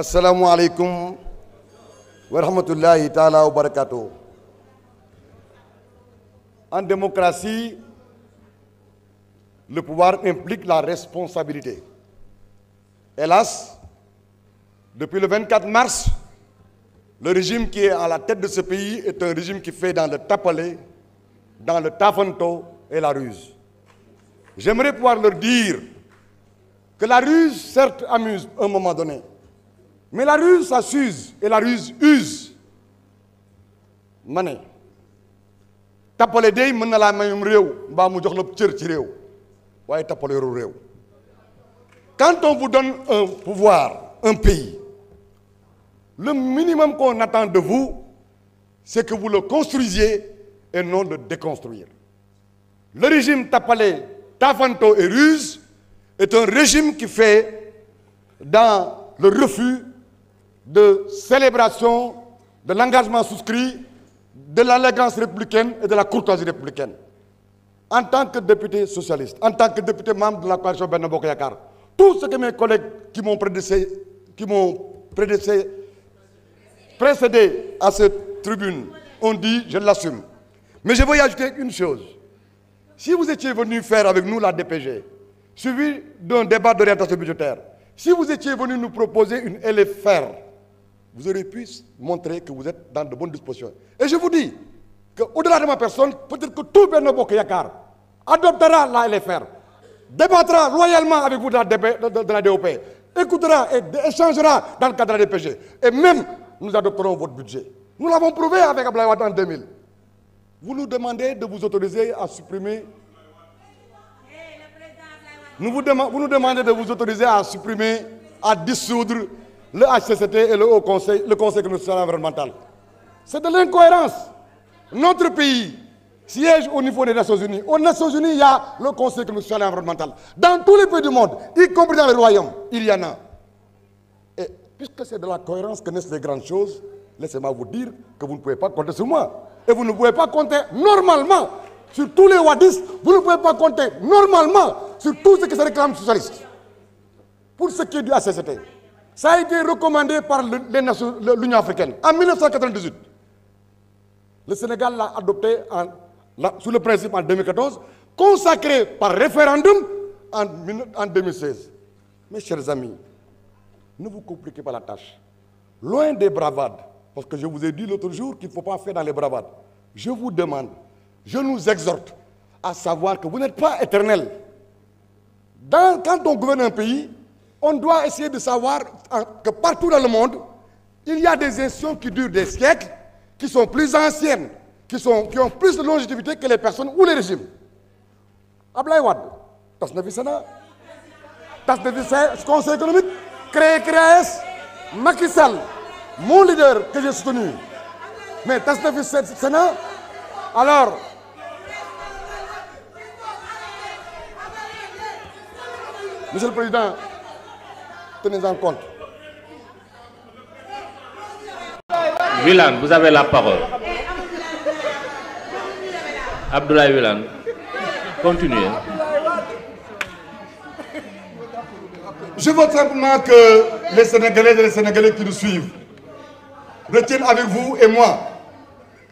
asalaamualeykum wa rahmatullahi taala wa barakatuh en la responsabilité hélas depuis le 24 mars le régime qui à la tête de ce pays est un régime qui le tapalé la ruse j'aimerais pouvoir leur dire que la mais la ruse ça s'use et la ruse use ma ne tappale day mën na laa mayum réew mbaa mu jox la cër ci réew waaye tappale yoru réew on vous donne un pouvoir un pays le minimum qu'on attend de vous c'est que vous le construisiez et non de déconstruire le régime tappale tafanto et ruse est un régime qui fait dans le refus de célébration de l'engagement souscrit, de l'allégance républicaine et de la courtoisie républicaine. En tant que député socialiste, en tant que député membre de la coalition Benno Bokk tout ce que mes collègues qui m'ont prédécé, qui m'ont prédécé, précédé à cette tribune ont dit, je l'assume. Mais je veux y ajouter une chose. Si vous étiez venu faire avec nous la DPG, suivi d'un débat d'orientation budgétaire, si vous étiez venu nous proposer une LFR vous aurez pu montrer que vous êtes dans de bonnes dispositions. Et je vous dis que au-delà de ma personne, peut-être que tout Benno Bokk Yakaar adoptera la LFR, débattra loyalement avec vous de la, DP, écoutera et échangera dans le cadre des DPG. Et même, nous adopterons votre budget. Nous l'avons prouvé avec Abdoulaye en 2000. Vous vous nous demandez de vous autoriser à supprimer, à dissoudre le HCCT et le Haut Conseil, le Conseil environnemental. C'est de l'incohérence. Notre pays siège au niveau des Nations Unies. Aux Nations Unies, il y a le Conseil constitutionnel environnemental. Dans tous les pays du monde, y compris dans les royaumes, il y en a. Et puisque c'est de la cohérence que naissent les grandes choses, laissez-moi vous dire que vous ne pouvez pas compter sur moi. Et vous ne pouvez pas compter normalement sur tous les wadistes, vous Pour ce ça a été recommandé par les nations l'Union africaine en le Sénégal l'a adopté en la sous le principe en 2014 consacré par référendum en en 2016 mes chers amis ne vous compliquez pas la tâche loin des bravades parce que je vous ai dit l'autre jour qu'il ne faut pas faire dans les bravades je vous demande je nous exhorte à savoir que vous n'êtes pas éternel dans quand on gouverne un pays on doit essayer de savoir que partout dans le monde, il y a des institutions qui durent des siècles, qui sont plus anciennes, qui, sont, qui ont plus de longévité que les personnes ou les régimes. Ablaye Wade, tas na fi Sénat tas na fi conseil économique créé CREAES Sall mon leader que j'ai soutenu mais tas na fi Sénat alors monsieur le président tenez en compte. Wilane, la parole. Abdoulaye Wilane, continuez. Je veux simplement que les Sénégalais et les Sénégalais qui nous suivent retiennent avec vous et moi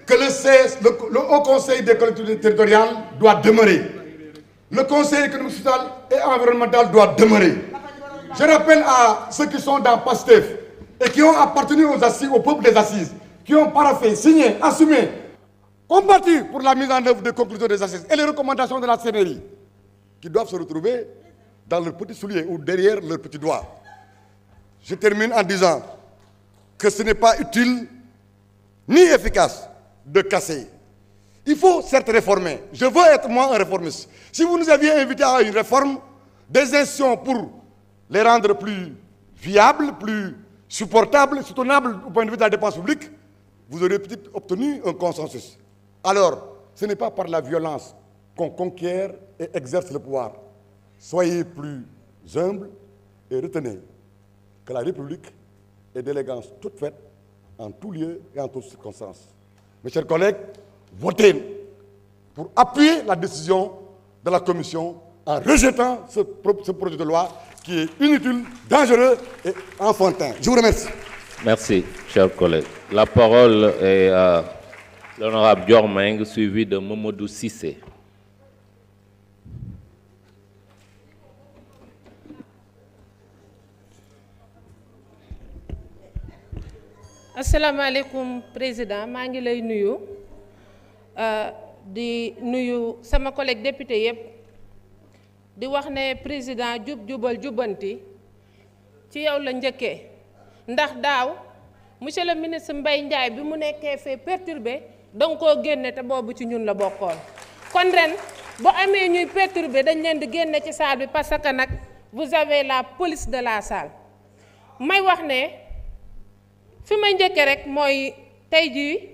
que le, Haut Conseil des collectivités territoriales doit demeurer. Le Conseil économique, social et environnemental doit demeurer. Je rappelle à ceux qui sont dans PASTEF et qui ont appartenu aux assises, des assises, qui ont paraffé, signé, assumé, combattu pour la mise en œuvre des conclusions des assises et les recommandations de la CNRI, qui doivent se retrouver dans leurs petits souliers ou derrière leurs petits doigts. Je termine en disant que ce n'est pas utile ni efficace de casser. Il faut certes réformer. Je veux être moi un réformiste. Si vous nous aviez invités à une réforme, pour les rendre plus viables, plus supportables, soutenables au point de vue de la dépense publique, vous aurez peut obtenu un consensus. Alors, ce n'est pas par la violence qu'on conquiert et exerce le pouvoir. Soyez plus humbles et retenez que la République est d'élégance toute faite en tout lieu et en toutes circonstances. Mes chers collègues, votez pour appuyer la décision de la Commission en rejetant ce, ce projet de loi qui est Merci, chers collègues. La parole est à l'honorable Diormeng, suivi de Momodou Sissé. asalaamaaleykum président maa ngi lay nuyu euh, di nuyu sama collègue député yëpp di wax ne président jub jubal jubbanti ci yow la njëkkee ndax daaw monsieur le ministre mbay Ndiaye bi mu nekkee fee perturbé danga koo génne te boobu ci ñun la bokkoon kon ren bu amee ñuy perturbé dañ leen di génne ci salle bi parce que nag vous avez la police de la salle may wax ne fi may njëkkee rek mooy tey jii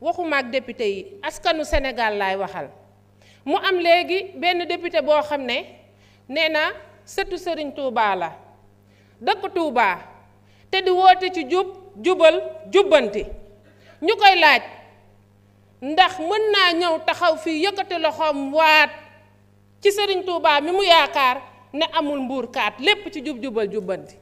waxumaak ak yi askanu Sénégal laay waxal mu am léegi benn député boo xam ne nee na sëtu sëriñ Touba la dëkk Touba te di woote ci jub jubal jubbanti ñu koy laaj ndax mën naa ñëw taxaw fii yëkkati loxoom waat ci sëriñ Touba mi mu yaakaar ne amul mbuur lépp ci jub jubal jubbanti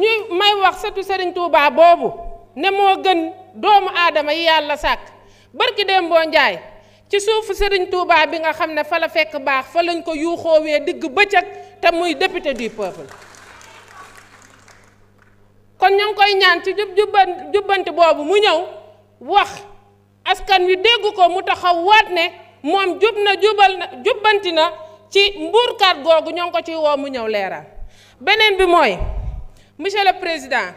ñuy may wax sëtu sëriñ Touba boobu ne moo gën doomu aadama yi yàlla sàkk barki Dembo Njaay ci suufu sëriñ Touba bi nga xam ne fa la fekk baax fa lañ ko yuuxoowee digg bëccëg te muy député du peuple kon ñu ngi koy ñaan ci jub jubbanti boobu mu ñëw wax askan wi dégg ko mu taxaw waat ne moom jub na jubal na jubbanti na ci mbuurkaat googu ñoo ngi ko ci woo mu ñëw leeral beneen bi mooy monsieur le président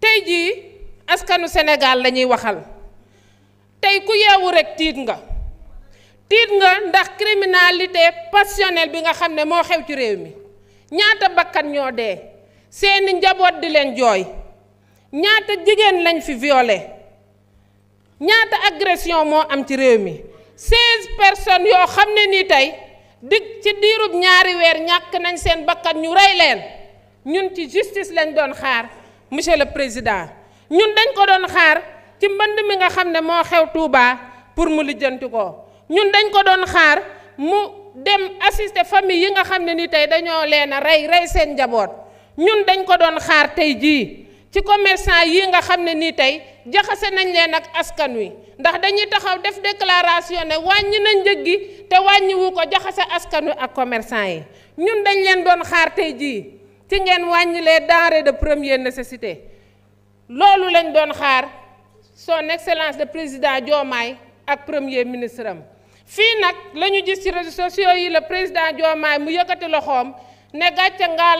tey jii askanu senegal lañuy waxal. tey ku yeewu rek tiit nga tiit nga ndax criminalité passionnelle bi nga xam ne moo xew ci réew mi ñaata bakkan ñoo dee seeni njaboot di leen jooy ñaata jigéen lañ fi violé ñaata agression moo am ci réew mi seize yoo xam ne nii tey dig ci diirub ñaari weer ñàkk nañ seen bakkan ñu rey leen ñun ci justice lañ doon xaar monsieur le président ñun dañ ko doon xaar ci mbënd mi nga xam ne moo xew Touba pour mu lijjanti ko ñun dañ ko doon xaar mu dem assister famille yi nga xam ne ni tey dañoo leen a rey rey seen njaboot ñun dañ ko doon xaar tey jii ci commerçant yi nga xam ne nii tey jaxase nañ leen ak askan wi ndax dañuy taxaw def déclaration ne wàññi nañ njëg gi te wàññiwu ko jaxase askan wi ak commerçant yi ñun dañ leen doon xaar tey jii ci ngeen wàññi les de premier nécessité loolu lañ doon xaar. son excellence de président Diomaye ak premier ministre am fii nag la ñu gis ci réseaux sociaux yi la président Diomaye mu yëkkati loxoom ne gàcce ngaa